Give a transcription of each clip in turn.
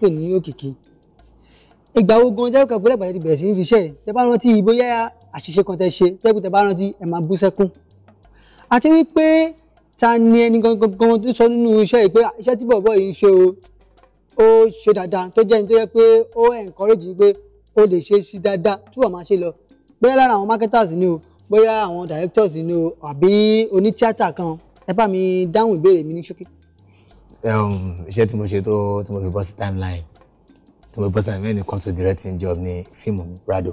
pè ní òkìkí ìgbà wo gan jẹ́ kẹ́kọ̀ọ́ lẹ́gbàá ti bẹ̀rẹ̀ sí ní ṣiṣẹ́ yìí tẹ bá rántí bóyá àṣìṣe kan tẹ ṣe tẹ́gbẹ́ tẹ bá rántí ẹ máa bú sẹ́kún àti wípé ta ni ẹni gangan tó sọ nínú iṣẹ́ yìí pé iṣẹ́ tí bọ̀bọ̀ yìí ń ṣe o ó ṣe dáadáa tó jẹ́ ní tó yẹ pé ó encourage yìí pé ó lè ṣe sí dáadáa tí wọ́n máa ṣe lọ bóyá lára àwọn marketers ni o bóyá àwọn directors ni o àbí onítíátà kan ẹ bá mi dáhùn ìbéèrè mi ní ṣókí. Um, iṣẹ́ tí mo ṣe tó tí mo fi bọ́ sí timeline tí mo fi bọ́ sí timeline when it comes to directing job ní fíìmù rado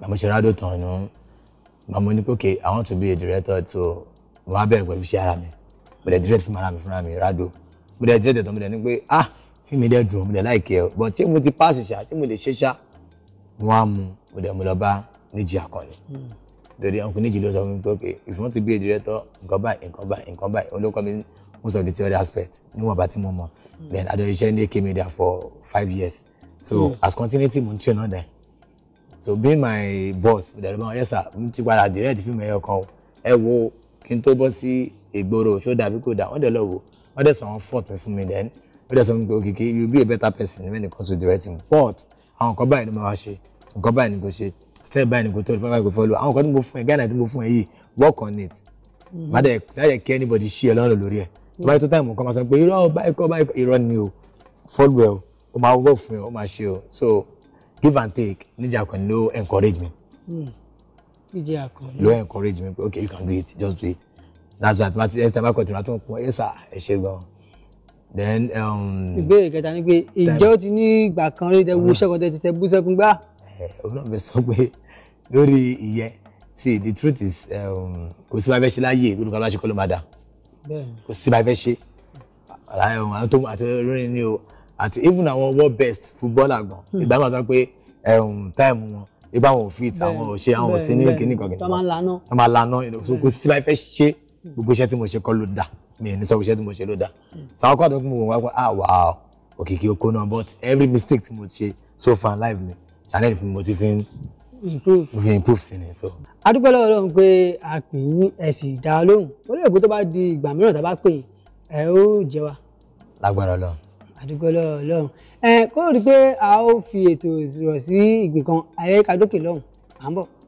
màmú hmm. ṣe rado tán nù màmú ní pé okay I want to be a director so mo wá bẹ̀rẹ̀ pẹ̀lú iṣẹ́ ara mi mo dẹ̀ direct fún ara mi fúnra mi rado mo dẹ̀ direct ẹ̀tọ́ mo dẹ̀ ní pé ah fíìmù dẹ̀ dùn mo dẹ̀ láìkẹ́ ẹ̀ but ṣé mo ti pass ṣá ṣé mo lè ṣe ṣá mo wá mu mo dẹ̀ mo lọ bá Níjì Àkànní dòde uncle níjì ló sọ fún mi pé if you want to be a director nǹkan báyìí nǹkan báyìí nǹkan báyìí òun ló kọ́ mi most of the theory aspect níwọ̀n bá tí mo mọ̀ then adọ iṣẹ́ ní AK Media for five years so mm. as continuity mo ń train náà so being my boss ìdàrú bá wọn yes sir mo ti padà direct fíìmù ẹyọ kan ẹ wo kí n tó bọ́ sí ìgboro ṣó dàbí kò dà wọ́n dẹ̀ lọ wò wọ́n dẹ̀ sọ wọn fault mi fún mi then wọ́n dẹ̀ sọ mi pé okay you be a better person when it comes to directing but àwọn nǹkan báyìí ló máa wá ṣe nǹkan báyìí ni kò ṣe step by ni go tell you five go follow àwọn kan tí mo fún ẹ Ghana tí mo fún ẹ yìí work on it má dẹ̀ má kí anybody ṣí ẹ lọ́rùn lórí ẹ tó bá yẹ tó táìmù kan máa sọ pé irọ́ báyìí kọ́ báyìí irọ́ ni o follow ẹ o ó máa work fún ẹ ó máa ṣe o so give and take níjà kan ló encourage me. níjà kan ló encourage me okay you can do it just do it that's why tomati ẹ tẹ́ bá kọ̀tún àtúntò pọ̀ ẹ sà ẹ ṣe gan then. Um, ìbéèrè kẹta ni pé ìjọ ti ní ìgbà kan rí tẹ wo mm-hmm. iṣẹ́ kan tẹ ti tẹ bú sẹ́kún gbá Eh, òun náà fẹ́ sọ pé lórí ìyẹn see the truth is um, kò sí báyìí fẹ́ ṣe láàyè olùkọ́ aláṣẹ kọ́ ló máa dà kò sí báyìí fẹ́ ṣe àwọn tó àti olórin ni o àti even àwọn world best footballer gan hmm. ìgbà máa sọ pé um, táìmù wọn ìgbà wọn ò fit àwọn ò ṣe àwọn ò sí ní kíní kan kìnnìkan tó máa lanà tó máa lanà kò sí báyìí fẹ́ ṣe hmm. gbogbo iṣẹ́ tí mo ṣe kọ́ ló dà mi ní sọ iṣẹ́ tí mo ṣe ló dà so hmm. àwọn kọ́ àtọ́kùn mo wá pé ah wow òkìkí okó náà but every mistake tí mo ṣe so far life mi challenge fún mo ti fi ń improve mo fi improve sí ni so. adúgbò lọ́wọ́ Ọlọ́run pé a pè yín ẹ sì dá a lóhùn ó lè gbé tó bá di ìgbà mìíràn tá a bá pè yín ẹ ó jẹ wa. lágbára Ọlọ́run. adúgbò lọ́wọ́ Ọlọ́run ẹ kó o rí i pé a ó fi ètò ìrọ̀ sí ìgbìkan ayé kadókè lọ́hùn à ń bọ̀.